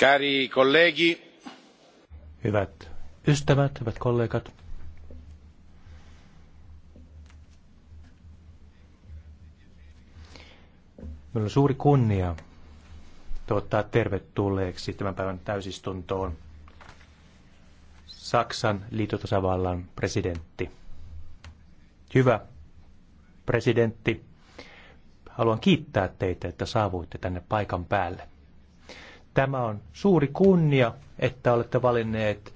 Cari colleghi. Hyvät ystävät, hyvät kollegat. Minulla on suuri kunnia toivottaa tervetulleeksi tämän päivän täysistuntoon Saksan liitotasavallan presidentti Hyvä presidentti, haluan kiittää teitä, että saavuitte tänne paikan päälle. Tämä on suuri kunnia, että olette valinneet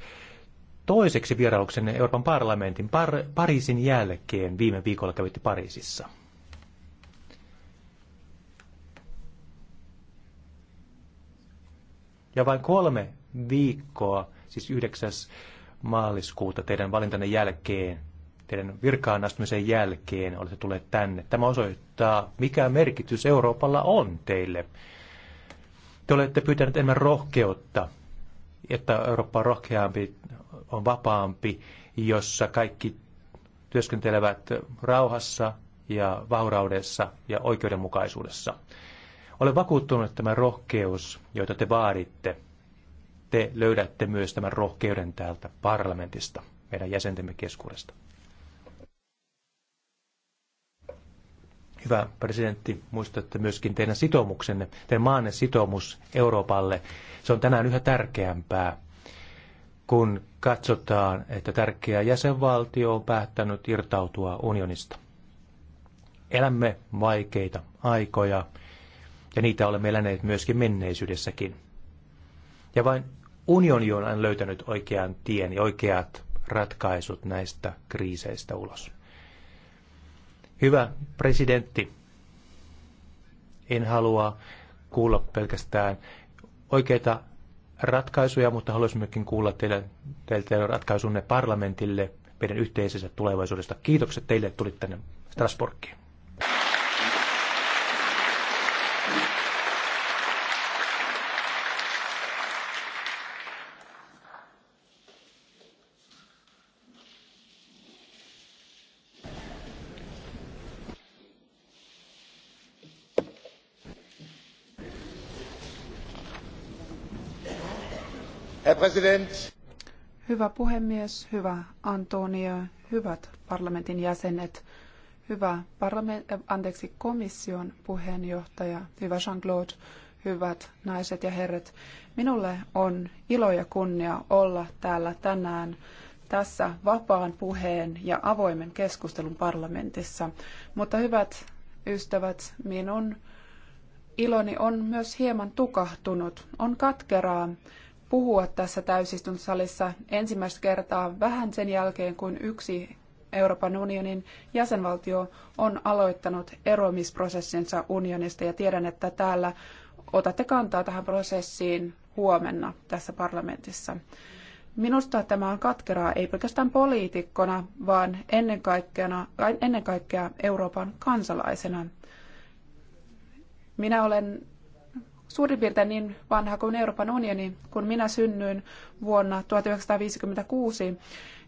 toiseksi vierailuksenne Euroopan parlamentin Par- Pariisin jälkeen. Viime viikolla kävitte Pariisissa. Ja vain kolme viikkoa, siis 9. maaliskuuta teidän valintanne jälkeen, teidän virkaan astumisen jälkeen olette tulleet tänne. Tämä osoittaa, mikä merkitys Euroopalla on teille. Te olette pyytäneet enemmän rohkeutta, että Eurooppa on rohkeampi, on vapaampi, jossa kaikki työskentelevät rauhassa ja vauraudessa ja oikeudenmukaisuudessa. Olen vakuuttunut, että tämä rohkeus, jota te vaaditte, te löydätte myös tämän rohkeuden täältä parlamentista, meidän jäsentemme keskuudesta. hyvä presidentti, muistatte myöskin teidän sitoumuksenne, teidän maanne sitoumus Euroopalle. Se on tänään yhä tärkeämpää, kun katsotaan, että tärkeä jäsenvaltio on päättänyt irtautua unionista. Elämme vaikeita aikoja, ja niitä olemme eläneet myöskin menneisyydessäkin. Ja vain unioni on löytänyt oikean tien ja oikeat ratkaisut näistä kriiseistä ulos. Hyvä presidentti, en halua kuulla pelkästään oikeita ratkaisuja, mutta haluaisin myöskin kuulla teille, teille ratkaisunne parlamentille meidän yhteisessä tulevaisuudesta. Kiitokset teille, että tulitte tänne Strasbourgiin. Herr Hyvä puhemies, hyvä Antonio, hyvät parlamentin jäsenet, hyvä parlament, äh, anteeksi, komission puheenjohtaja, hyvä Jean-Claude, hyvät naiset ja herrat. Minulle on ilo ja kunnia olla täällä tänään tässä vapaan puheen ja avoimen keskustelun parlamentissa. Mutta hyvät ystävät, minun iloni on myös hieman tukahtunut. On katkeraa, puhua tässä täysistuntosalissa ensimmäistä kertaa vähän sen jälkeen, kun yksi Euroopan unionin jäsenvaltio on aloittanut eroamisprosessinsa unionista ja tiedän, että täällä otatte kantaa tähän prosessiin huomenna tässä parlamentissa. Minusta tämä on katkeraa ei pelkästään poliitikkona, vaan ennen kaikkea, ennen kaikkea Euroopan kansalaisena. Minä olen suurin piirtein niin vanha kuin Euroopan unioni. Kun minä synnyin vuonna 1956,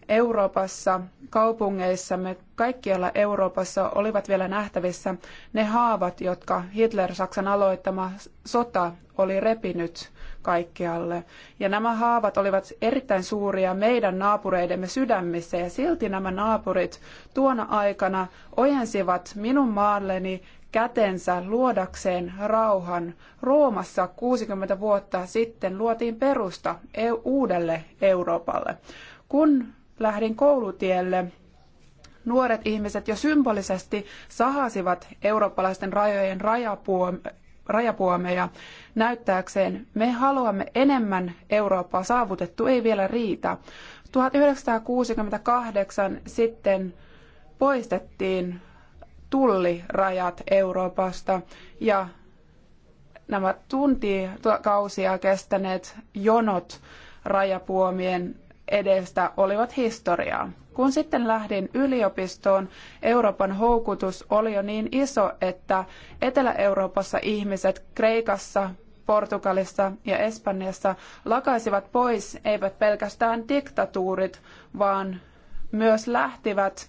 Euroopassa, kaupungeissamme, kaikkialla Euroopassa olivat vielä nähtävissä ne haavat, jotka Hitler-Saksan aloittama sota oli repinyt kaikkialle. Ja nämä haavat olivat erittäin suuria meidän naapureidemme sydämissä ja silti nämä naapurit tuona aikana ojensivat minun maalleni kätensä luodakseen rauhan. Roomassa 60 vuotta sitten luotiin perusta uudelle Euroopalle. Kun lähdin koulutielle, nuoret ihmiset jo symbolisesti sahasivat eurooppalaisten rajojen rajapuomeja näyttääkseen, me haluamme enemmän Eurooppaa saavutettu, ei vielä riitä. 1968 sitten poistettiin tullirajat Euroopasta ja nämä tuntikausia kestäneet jonot rajapuomien edestä olivat historiaa. Kun sitten lähdin yliopistoon, Euroopan houkutus oli jo niin iso, että Etelä-Euroopassa ihmiset Kreikassa, Portugalissa ja Espanjassa lakaisivat pois eivät pelkästään diktatuurit, vaan myös lähtivät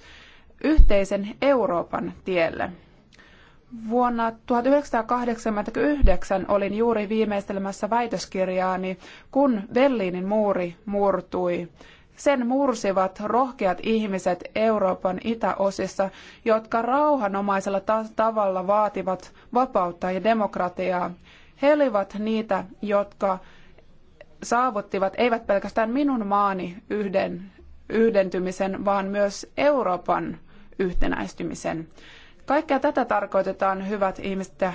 yhteisen Euroopan tielle. Vuonna 1989 olin juuri viimeistelemässä väitöskirjaani, kun Berliinin muuri murtui. Sen mursivat rohkeat ihmiset Euroopan itäosissa, jotka rauhanomaisella tavalla vaativat vapautta ja demokratiaa. He olivat niitä, jotka saavuttivat eivät pelkästään minun maani yhden, yhdentymisen, vaan myös Euroopan yhtenäistymisen. Kaikkea tätä tarkoitetaan, hyvät ihmiset ja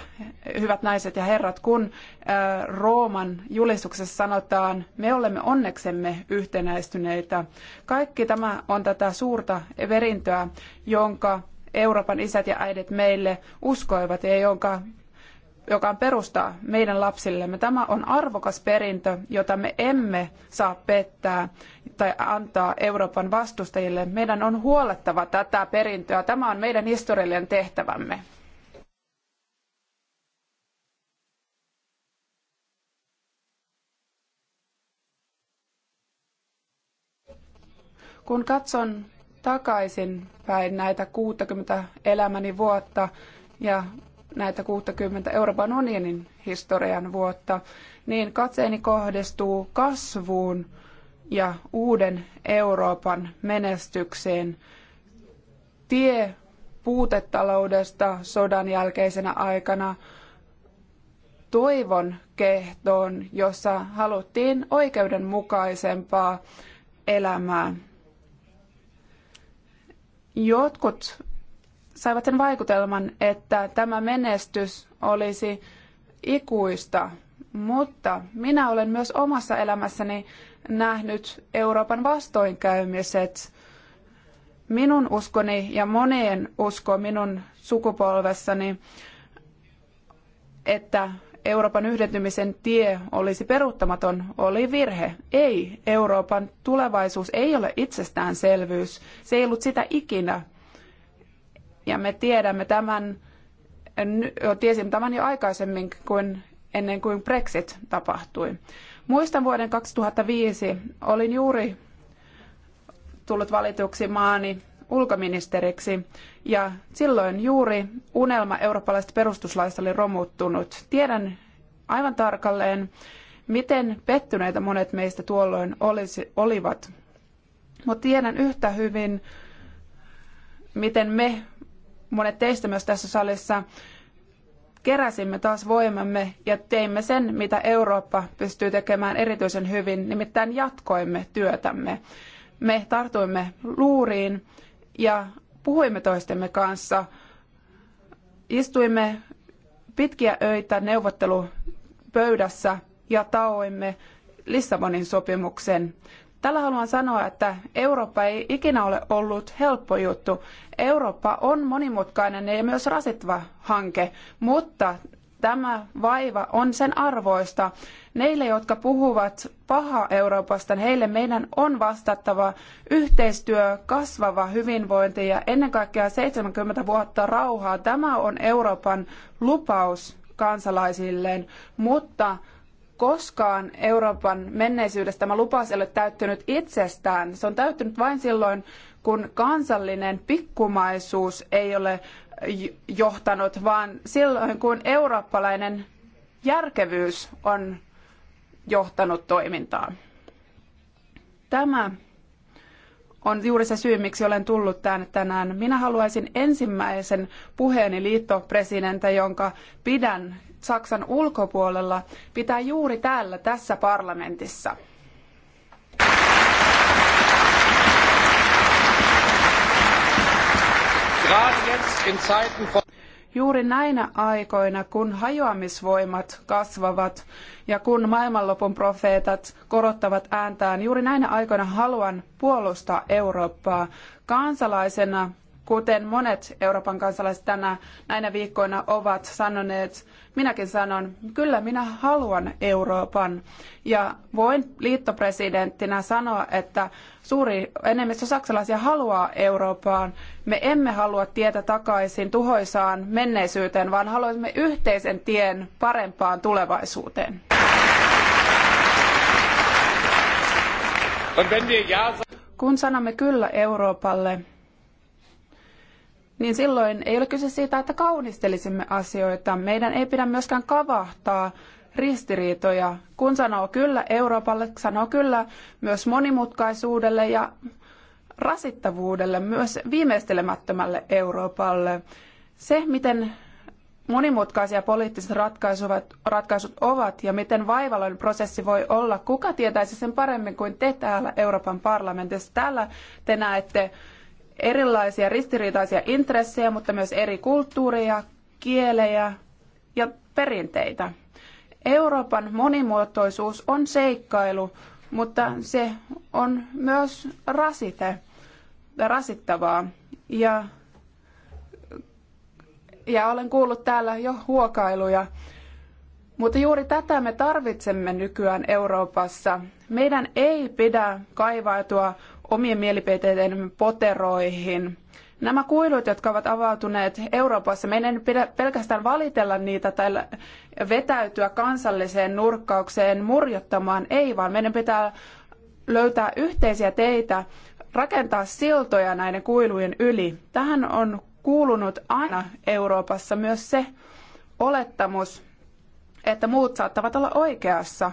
hyvät naiset ja herrat, kun Rooman julistuksessa sanotaan, me olemme onneksemme yhtenäistyneitä. Kaikki tämä on tätä suurta perintöä, jonka Euroopan isät ja äidit meille uskoivat ja jonka joka on perustaa meidän lapsillemme. Tämä on arvokas perintö, jota me emme saa pettää tai antaa Euroopan vastustajille. Meidän on huolettava tätä perintöä. Tämä on meidän historiallinen tehtävämme. Kun katson takaisin päin näitä 60 elämäni vuotta ja näitä 60 Euroopan unionin historian vuotta, niin katseeni kohdistuu kasvuun ja uuden Euroopan menestykseen. Tie puutetaloudesta sodan jälkeisenä aikana toivon kehtoon, jossa haluttiin oikeudenmukaisempaa elämää. Jotkut saivat sen vaikutelman, että tämä menestys olisi ikuista, mutta minä olen myös omassa elämässäni nähnyt Euroopan vastoinkäymiset. Minun uskoni ja monien usko minun sukupolvessani, että Euroopan yhdentymisen tie olisi peruuttamaton, oli virhe. Ei, Euroopan tulevaisuus ei ole itsestäänselvyys. Se ei ollut sitä ikinä. Ja me tiedämme tämän, tiesimme tämän jo aikaisemmin kuin ennen kuin Brexit tapahtui. Muistan vuoden 2005, olin juuri tullut valituksi maani ulkoministeriksi ja silloin juuri unelma eurooppalaisesta perustuslaista oli romuttunut. Tiedän aivan tarkalleen, miten pettyneitä monet meistä tuolloin olisi, olivat. Mutta tiedän yhtä hyvin, miten me monet teistä myös tässä salissa, keräsimme taas voimamme ja teimme sen, mitä Eurooppa pystyy tekemään erityisen hyvin, nimittäin jatkoimme työtämme. Me tartuimme luuriin ja puhuimme toistemme kanssa. Istuimme pitkiä öitä neuvottelupöydässä ja taoimme Lissabonin sopimuksen. Tällä haluan sanoa, että Eurooppa ei ikinä ole ollut helppo juttu. Eurooppa on monimutkainen ja myös rasittava hanke, mutta tämä vaiva on sen arvoista. Neille, jotka puhuvat pahaa Euroopasta, heille meidän on vastattava yhteistyö, kasvava hyvinvointi ja ennen kaikkea 70 vuotta rauhaa. Tämä on Euroopan lupaus kansalaisilleen, mutta koskaan Euroopan menneisyydestä tämä lupaus ei ole täyttynyt itsestään. Se on täyttynyt vain silloin, kun kansallinen pikkumaisuus ei ole johtanut, vaan silloin, kun eurooppalainen järkevyys on johtanut toimintaan. Tämä on juuri se syy, miksi olen tullut tänne tänään. Minä haluaisin ensimmäisen puheeni liittopresidentä, jonka pidän Saksan ulkopuolella, pitää juuri täällä, tässä parlamentissa. Gerade jetzt in Zeiten von Juuri näinä aikoina, kun hajoamisvoimat kasvavat ja kun maailmanlopun profeetat korottavat ääntään, juuri näinä aikoina haluan puolustaa Eurooppaa. Kansalaisena kuten monet Euroopan kansalaiset tänä näinä viikkoina ovat sanoneet, minäkin sanon, kyllä minä haluan Euroopan. Ja voin liittopresidenttinä sanoa, että suuri enemmistö saksalaisia haluaa Eurooppaan. Me emme halua tietä takaisin tuhoisaan menneisyyteen, vaan haluamme yhteisen tien parempaan tulevaisuuteen. Kun sanomme kyllä Euroopalle, niin silloin ei ole kyse siitä, että kaunistelisimme asioita. Meidän ei pidä myöskään kavahtaa ristiriitoja. Kun sanoo kyllä Euroopalle, sanoo kyllä myös monimutkaisuudelle ja rasittavuudelle, myös viimeistelemättömälle Euroopalle. Se, miten monimutkaisia poliittiset ratkaisut, ovat ja miten vaivalloinen prosessi voi olla, kuka tietäisi sen paremmin kuin te täällä Euroopan parlamentissa. Täällä te näette erilaisia ristiriitaisia intressejä, mutta myös eri kulttuureja, kielejä ja perinteitä. Euroopan monimuotoisuus on seikkailu, mutta se on myös rasite, rasittavaa. Ja, ja olen kuullut täällä jo huokailuja. Mutta juuri tätä me tarvitsemme nykyään Euroopassa. Meidän ei pidä kaivautua omien mielipiteiden poteroihin. Nämä kuilut, jotka ovat avautuneet Euroopassa, meidän ei pidä pelkästään valitella niitä tai vetäytyä kansalliseen nurkkaukseen murjottamaan, ei vaan meidän pitää löytää yhteisiä teitä, rakentaa siltoja näiden kuilujen yli. Tähän on kuulunut aina Euroopassa myös se olettamus, että muut saattavat olla oikeassa.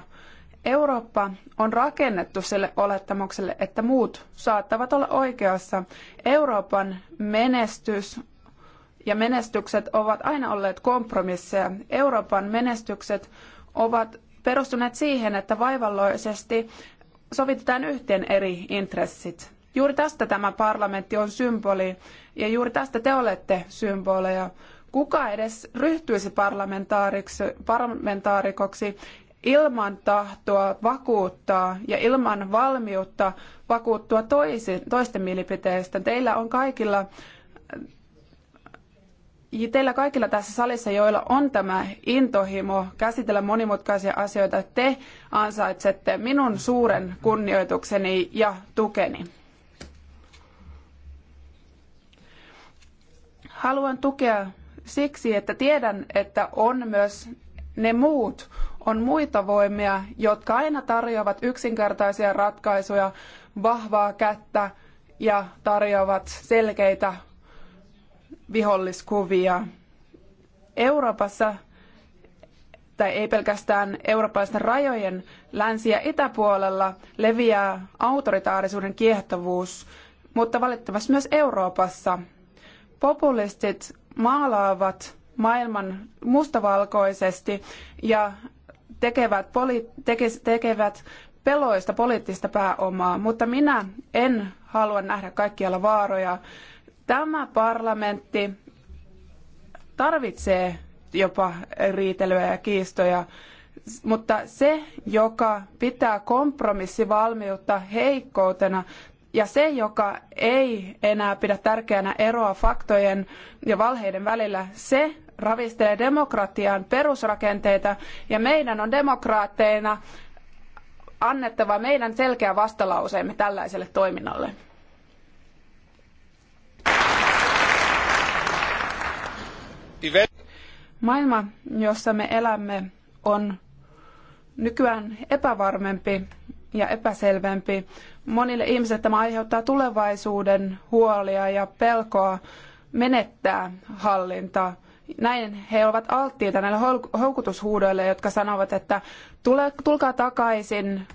Eurooppa on rakennettu sille olettamukselle, että muut saattavat olla oikeassa. Euroopan menestys ja menestykset ovat aina olleet kompromisseja. Euroopan menestykset ovat perustuneet siihen, että vaivalloisesti sovitetaan yhteen eri intressit. Juuri tästä tämä parlamentti on symboli ja juuri tästä te olette symboleja. Kuka edes ryhtyisi parlamentaarikoksi, ilman tahtoa vakuuttaa ja ilman valmiutta vakuuttua toisin, toisten mielipiteistä. Teillä on kaikilla äh, teillä kaikilla tässä salissa, joilla on tämä intohimo käsitellä monimutkaisia asioita, te ansaitsette minun suuren kunnioitukseni ja tukeni. Haluan tukea siksi, että tiedän, että on myös ne muut on muita voimia, jotka aina tarjoavat yksinkertaisia ratkaisuja, vahvaa kättä ja tarjoavat selkeitä viholliskuvia. Euroopassa, tai ei pelkästään eurooppalaisten rajojen länsi- ja itäpuolella, leviää autoritaarisuuden kiehtovuus, mutta valitettavasti myös Euroopassa. Populistit maalaavat maailman mustavalkoisesti ja tekevät, tekevät peloista poliittista pääomaa, mutta minä en halua nähdä kaikkialla vaaroja. Tämä parlamentti tarvitsee jopa riitelyä ja kiistoja, mutta se, joka pitää kompromissivalmiutta heikkoutena, ja se, joka ei enää pidä tärkeänä eroa faktojen ja valheiden välillä, se ravistelee demokratian perusrakenteita ja meidän on demokraatteina annettava meidän selkeä vastalauseemme tällaiselle toiminnalle. Maailma, jossa me elämme, on nykyään epävarmempi ja epäselvempi. Monille ihmisille tämä aiheuttaa tulevaisuuden huolia ja pelkoa menettää hallintaa näin he ovat alttiita näille houkutushuudoille, jotka sanovat, että tule, tulkaa takaisin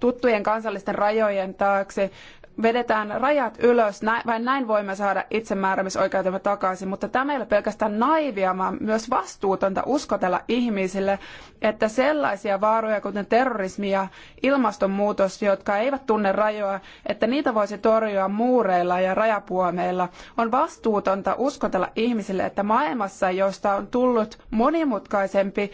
tuttujen kansallisten rajojen taakse, vedetään rajat ylös, vain näin voimme saada itsemääräämisoikeutemme takaisin, mutta tämä ei ole pelkästään naivia, vaan myös vastuutonta uskotella ihmisille, että sellaisia vaaroja kuten terrorismi ja ilmastonmuutos, jotka eivät tunne rajoja, että niitä voisi torjua muureilla ja rajapuomeilla. On vastuutonta uskotella ihmisille, että maailmassa, josta on tullut monimutkaisempi,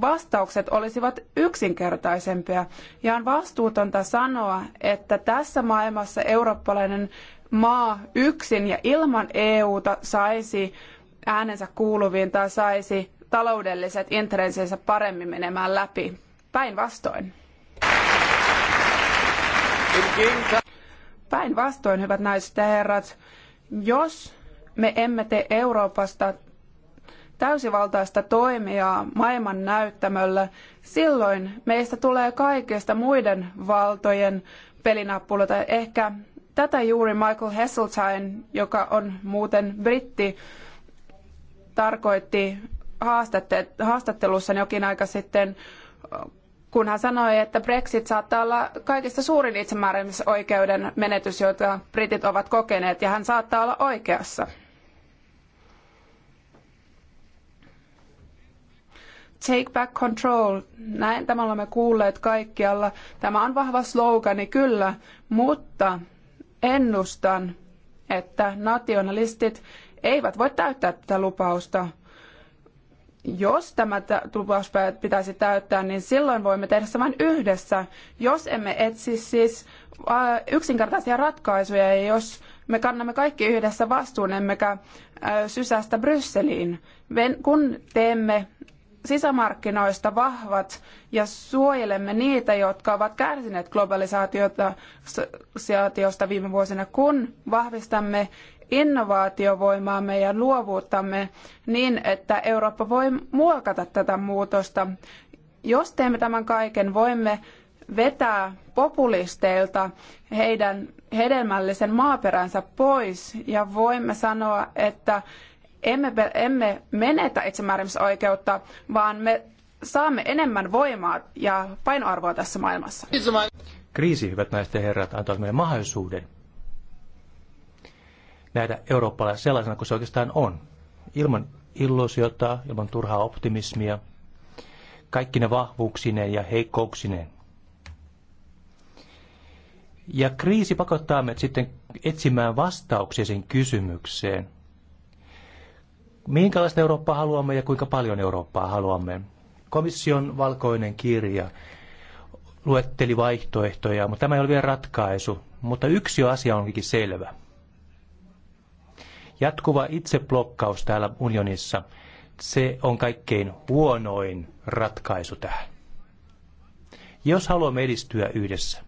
vastaukset olisivat yksinkertaisempia. Ja on vastuutonta sanoa, että tässä maailmassa eurooppalainen maa yksin ja ilman EUta saisi äänensä kuuluviin tai saisi taloudelliset intressinsä paremmin menemään läpi. Päinvastoin. Päinvastoin, hyvät naiset ja herrat, jos me emme tee Euroopasta täysivaltaista toimijaa maailman näyttämöllä, silloin meistä tulee kaikista muiden valtojen pelinappuloita. Ehkä tätä juuri Michael Heseltine, joka on muuten britti, tarkoitti haastattelussa jokin aika sitten, kun hän sanoi, että Brexit saattaa olla kaikista suurin itsemääräämisoikeuden menetys, jota britit ovat kokeneet, ja hän saattaa olla oikeassa. Take back control. Näin tämä olemme kuulleet kaikkialla. Tämä on vahva slogani kyllä, mutta ennustan, että nationalistit eivät voi täyttää tätä lupausta. Jos tämä lupaus pitäisi täyttää, niin silloin voimme tehdä se vain yhdessä. Jos emme etsi siis äh, yksinkertaisia ratkaisuja ja jos me kannamme kaikki yhdessä vastuun, emmekä äh, sysästä Brysseliin. Kun teemme sisämarkkinoista vahvat ja suojelemme niitä, jotka ovat kärsineet globalisaatiosta viime vuosina, kun vahvistamme innovaatiovoimaamme ja luovuuttamme niin, että Eurooppa voi muokata tätä muutosta. Jos teemme tämän kaiken, voimme vetää populisteilta heidän hedelmällisen maaperänsä pois ja voimme sanoa, että emme, emme menetä itsemääräämisoikeutta, vaan me saamme enemmän voimaa ja painoarvoa tässä maailmassa. Kriisi, hyvät naiset ja herrat, antaa meille mahdollisuuden nähdä Eurooppaa sellaisena kuin se oikeastaan on. Ilman illuusiota, ilman turhaa optimismia, kaikki ne vahvuuksineen ja heikkouksineen. Ja kriisi pakottaa meidät sitten etsimään vastauksia sen kysymykseen – minkälaista Eurooppaa haluamme ja kuinka paljon Eurooppaa haluamme. Komission valkoinen kirja luetteli vaihtoehtoja, mutta tämä ei ole vielä ratkaisu. Mutta yksi asia onkin selvä. Jatkuva itseblokkaus täällä unionissa, se on kaikkein huonoin ratkaisu tähän. Jos haluamme edistyä yhdessä,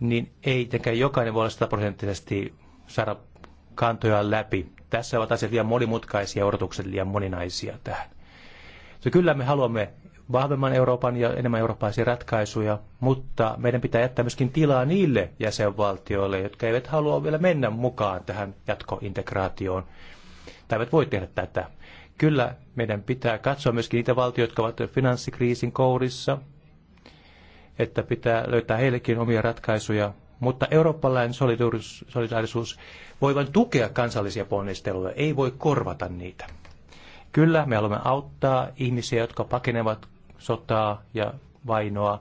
niin ei tietenkään jokainen voi olla sataprosenttisesti saada kantoja läpi tässä ovat asiat liian monimutkaisia, odotukset liian moninaisia tähän. So, kyllä me haluamme vahvemman Euroopan ja enemmän eurooppalaisia ratkaisuja, mutta meidän pitää jättää myöskin tilaa niille jäsenvaltioille, jotka eivät halua vielä mennä mukaan tähän jatkointegraatioon. Tai eivät voi tehdä tätä. Kyllä meidän pitää katsoa myöskin niitä valtioita, jotka ovat finanssikriisin kourissa, että pitää löytää heillekin omia ratkaisuja, mutta eurooppalainen solidaarisuus voi vain tukea kansallisia ponnisteluja, ei voi korvata niitä. Kyllä, me haluamme auttaa ihmisiä, jotka pakenevat sotaa ja vainoa,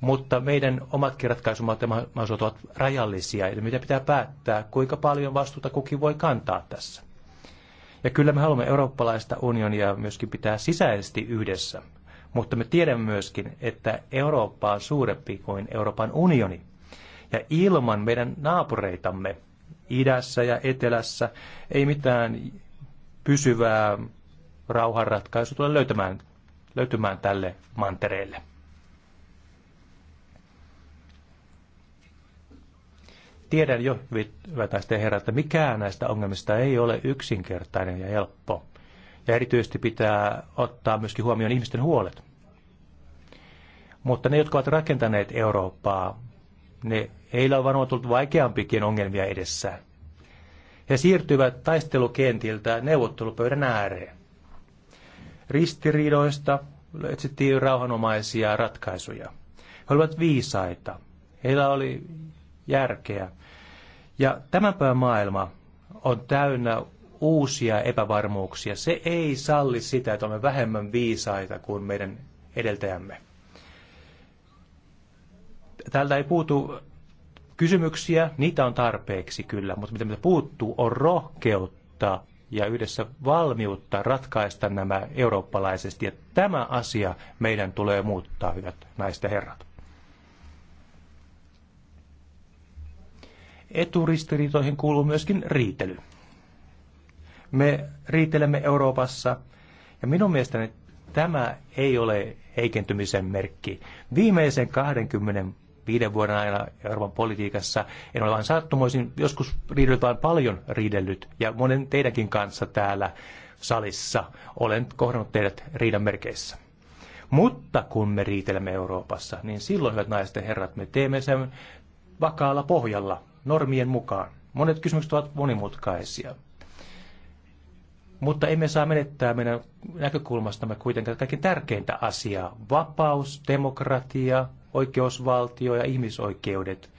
mutta meidän omatkin ratkaisumahdollisuudet ovat rajallisia, eli mitä pitää päättää, kuinka paljon vastuuta kukin voi kantaa tässä. Ja kyllä me haluamme eurooppalaista unionia myöskin pitää sisäisesti yhdessä, mutta me tiedämme myöskin, että Eurooppa on suurempi kuin Euroopan unioni. Ja ilman meidän naapureitamme idässä ja etelässä. Ei mitään pysyvää rauhanratkaisua tule löytämään, löytymään tälle mantereelle. Tiedän jo, hyvät naisten herrat, että mikään näistä ongelmista ei ole yksinkertainen ja helppo. Ja erityisesti pitää ottaa myöskin huomioon ihmisten huolet. Mutta ne, jotka ovat rakentaneet Eurooppaa, ne, heillä on varmaan tullut vaikeampikin ongelmia edessään. He siirtyvät taistelukentiltä neuvottelupöydän ääreen. Ristiriidoista etsittiin rauhanomaisia ratkaisuja. He olivat viisaita. Heillä oli järkeä. Ja tämän päivän maailma on täynnä uusia epävarmuuksia. Se ei salli sitä, että olemme vähemmän viisaita kuin meidän edeltäjämme. Täältä ei puutu kysymyksiä, niitä on tarpeeksi kyllä, mutta mitä puuttuu on rohkeutta ja yhdessä valmiutta ratkaista nämä eurooppalaisesti. Ja tämä asia meidän tulee muuttaa, hyvät naisten herrat. Eturistiriitoihin kuuluu myöskin riitely. Me riitelemme Euroopassa, ja minun mielestäni tämä ei ole heikentymisen merkki. Viimeisen 20 viiden vuoden aina Euroopan politiikassa. En ole vain sattumoisin, joskus riidellyt vaan paljon riidellyt. Ja monen teidänkin kanssa täällä salissa olen kohdannut teidät riidan merkeissä. Mutta kun me riitelemme Euroopassa, niin silloin, hyvät naiset ja herrat, me teemme sen vakaalla pohjalla, normien mukaan. Monet kysymykset ovat monimutkaisia. Mutta emme saa menettää meidän näkökulmastamme kuitenkaan kaikkein tärkeintä asiaa. Vapaus, demokratia, oikeusvaltio ja ihmisoikeudet,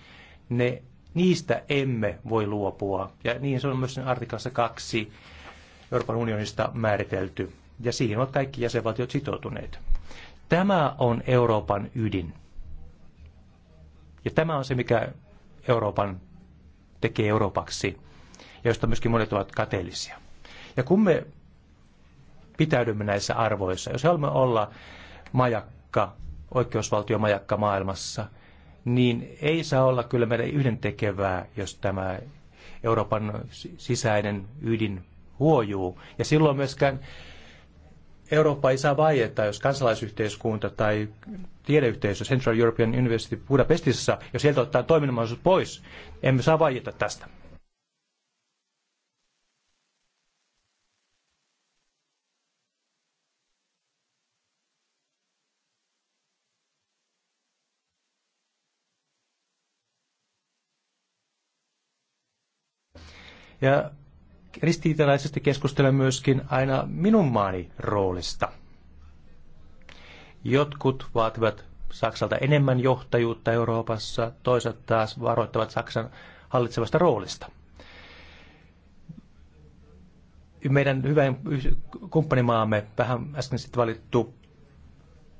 ne, niistä emme voi luopua. Ja niin se on myös artiklassa kaksi Euroopan unionista määritelty. Ja siihen ovat kaikki jäsenvaltiot sitoutuneet. Tämä on Euroopan ydin. Ja tämä on se, mikä Euroopan tekee Euroopaksi, ja josta myöskin monet ovat kateellisia. Ja kun me pitäydymme näissä arvoissa, jos haluamme olla majakka oikeusvaltiomajakka maailmassa, niin ei saa olla kyllä yhden yhdentekevää, jos tämä Euroopan sisäinen ydin huojuu. Ja silloin myöskään Eurooppa ei saa vaieta, jos kansalaisyhteiskunta tai tiedeyhteisö Central European University Budapestissa, jos sieltä ottaa toiminnallisuus pois, emme saa vaieta tästä. Ja ristiitalaisesti keskustelen myöskin aina minun maani roolista. Jotkut vaativat Saksalta enemmän johtajuutta Euroopassa, toiset taas varoittavat Saksan hallitsevasta roolista. Meidän hyvän kumppanimaamme, vähän äsken sitten valittu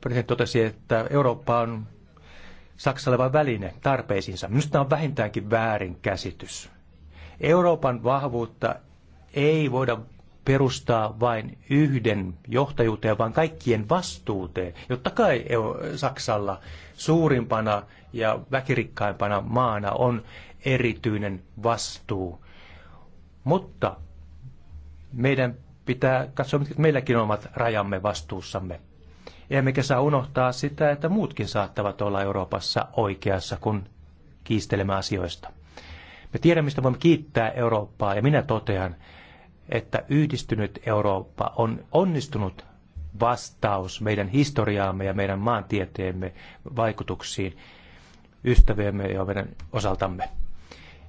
presidentti totesi, että Eurooppa on Saksalle vain väline tarpeisiinsa. Minusta tämä on vähintäänkin väärin käsitys. Euroopan vahvuutta ei voida perustaa vain yhden johtajuuteen, vaan kaikkien vastuuteen. Jotta kai Saksalla suurimpana ja väkirikkaimpana maana on erityinen vastuu. Mutta meidän pitää katsoa, mitkä meilläkin on omat rajamme vastuussamme. Emmekä saa unohtaa sitä, että muutkin saattavat olla Euroopassa oikeassa, kun kiistelemme asioista. Me tiedämme, mistä voimme kiittää Eurooppaa, ja minä totean, että yhdistynyt Eurooppa on onnistunut vastaus meidän historiaamme ja meidän maantieteemme vaikutuksiin ystäviemme ja meidän osaltamme.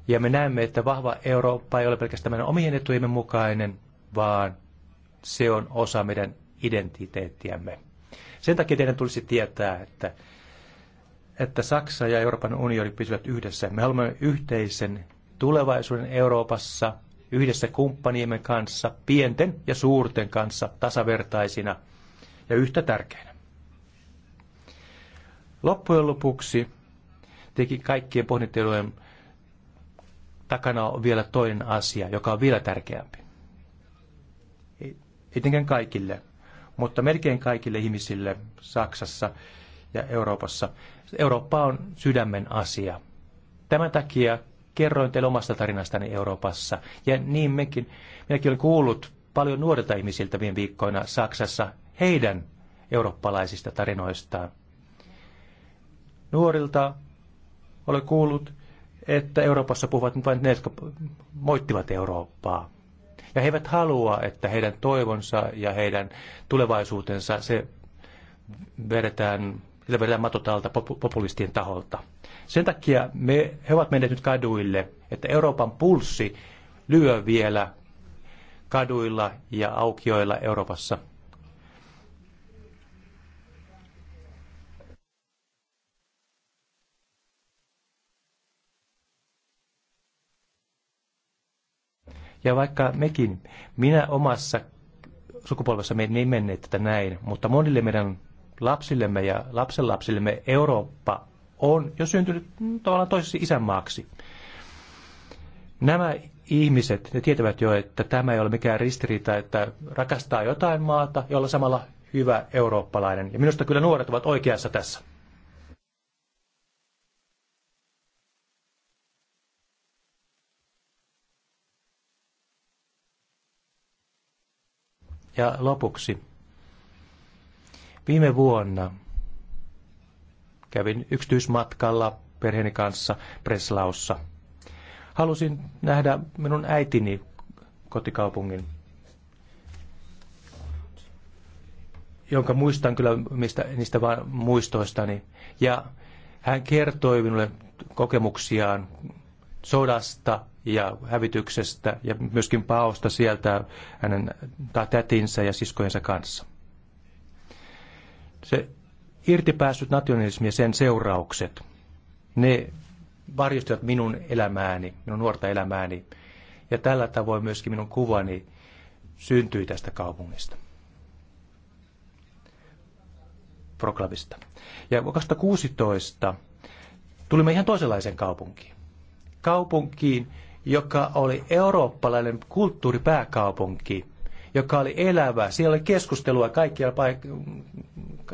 Ja me näemme, että vahva Eurooppa ei ole pelkästään meidän omien etujemme mukainen, vaan se on osa meidän identiteettiämme. Sen takia teidän tulisi tietää, että, että Saksa ja Euroopan unioni pysyvät yhdessä. Me haluamme yhteisen tulevaisuuden Euroopassa yhdessä kumppaniemme kanssa, pienten ja suurten kanssa tasavertaisina ja yhtä tärkeinä. Loppujen lopuksi teki kaikkien pohdintelujen takana on vielä toinen asia, joka on vielä tärkeämpi. Etenkään kaikille, mutta melkein kaikille ihmisille Saksassa ja Euroopassa. Eurooppa on sydämen asia. Tämän takia kerroin teille omasta tarinastani Euroopassa. Ja niin mekin, minäkin olen kuullut paljon nuorilta ihmisiltä viime viikkoina Saksassa heidän eurooppalaisista tarinoistaan. Nuorilta olen kuullut, että Euroopassa puhuvat vain ne, jotka moittivat Eurooppaa. Ja he eivät halua, että heidän toivonsa ja heidän tulevaisuutensa se vedetään, sitä vedetään matot alta populistien taholta. Sen takia me, he ovat menneet nyt kaduille, että Euroopan pulssi lyö vielä kaduilla ja aukioilla Euroopassa. Ja vaikka mekin, minä omassa sukupolvessa me ei menneet tätä näin, mutta monille meidän lapsillemme ja lapsenlapsillemme Eurooppa on jo syntynyt tavallaan toisessa isänmaaksi. Nämä ihmiset, ne tietävät jo, että tämä ei ole mikään ristiriita, että rakastaa jotain maata jolla samalla hyvä eurooppalainen. Ja minusta kyllä nuoret ovat oikeassa tässä. Ja lopuksi. Viime vuonna Kävin yksityismatkalla perheeni kanssa Preslaussa. Halusin nähdä minun äitini kotikaupungin, jonka muistan kyllä mistä, niistä vain muistoistani. Ja hän kertoi minulle kokemuksiaan sodasta ja hävityksestä ja myöskin paosta sieltä hänen tätinsä ja siskojensa kanssa. Se irtipäässyt nationalismi ja sen seuraukset, ne varjostivat minun elämääni, minun nuorta elämääni. Ja tällä tavoin myöskin minun kuvani syntyi tästä kaupungista. Proklavista. Ja 2016 tulimme ihan toisenlaiseen kaupunkiin. Kaupunkiin, joka oli eurooppalainen kulttuuripääkaupunki – joka oli elävä. Siellä oli keskustelua kaikkialla paik-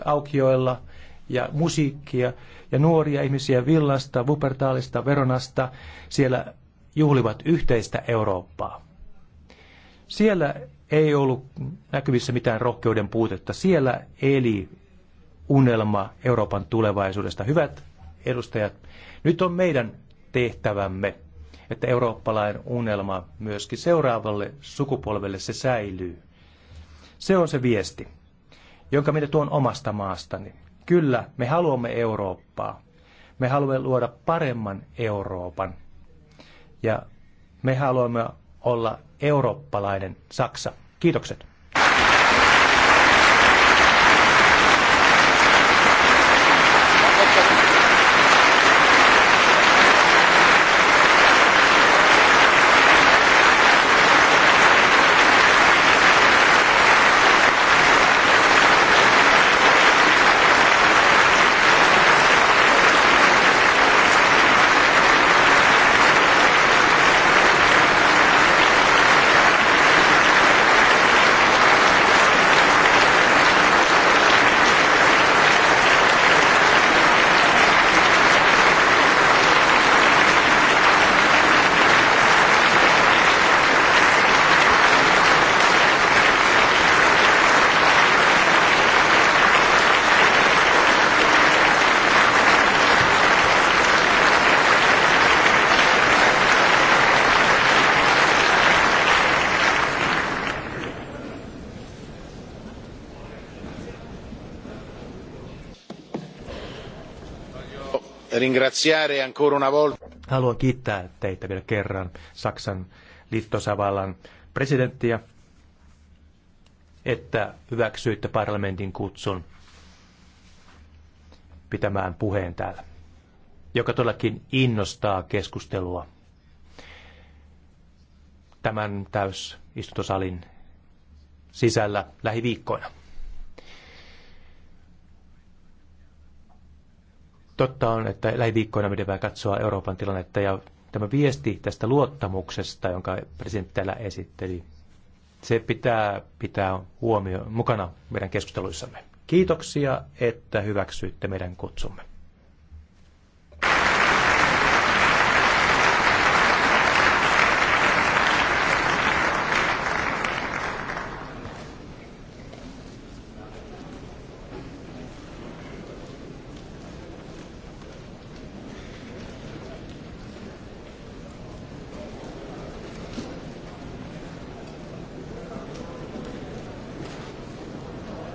aukioilla ja musiikkia ja nuoria ihmisiä Villasta, Wuppertalista, Veronasta. Siellä juhlivat yhteistä Eurooppaa. Siellä ei ollut näkyvissä mitään rohkeuden puutetta. Siellä eli unelma Euroopan tulevaisuudesta. Hyvät edustajat, nyt on meidän tehtävämme että eurooppalainen unelma myöskin seuraavalle sukupolvelle se säilyy. Se on se viesti, jonka minä tuon omasta maastani. Kyllä, me haluamme Eurooppaa. Me haluamme luoda paremman Euroopan. Ja me haluamme olla eurooppalainen Saksa. Kiitokset. ringraziare ancora una volta. Haluan kiittää teitä vielä kerran Saksan liittosavallan presidenttiä, että hyväksyitte parlamentin kutsun pitämään puheen täällä, joka todellakin innostaa keskustelua tämän täysistuntosalin sisällä lähiviikkoina. Totta on, että lähiviikkoina meidän pitää katsoa Euroopan tilannetta ja tämä viesti tästä luottamuksesta, jonka presidentti täällä esitteli, se pitää pitää huomioon mukana meidän keskusteluissamme. Kiitoksia, että hyväksyitte meidän kutsumme.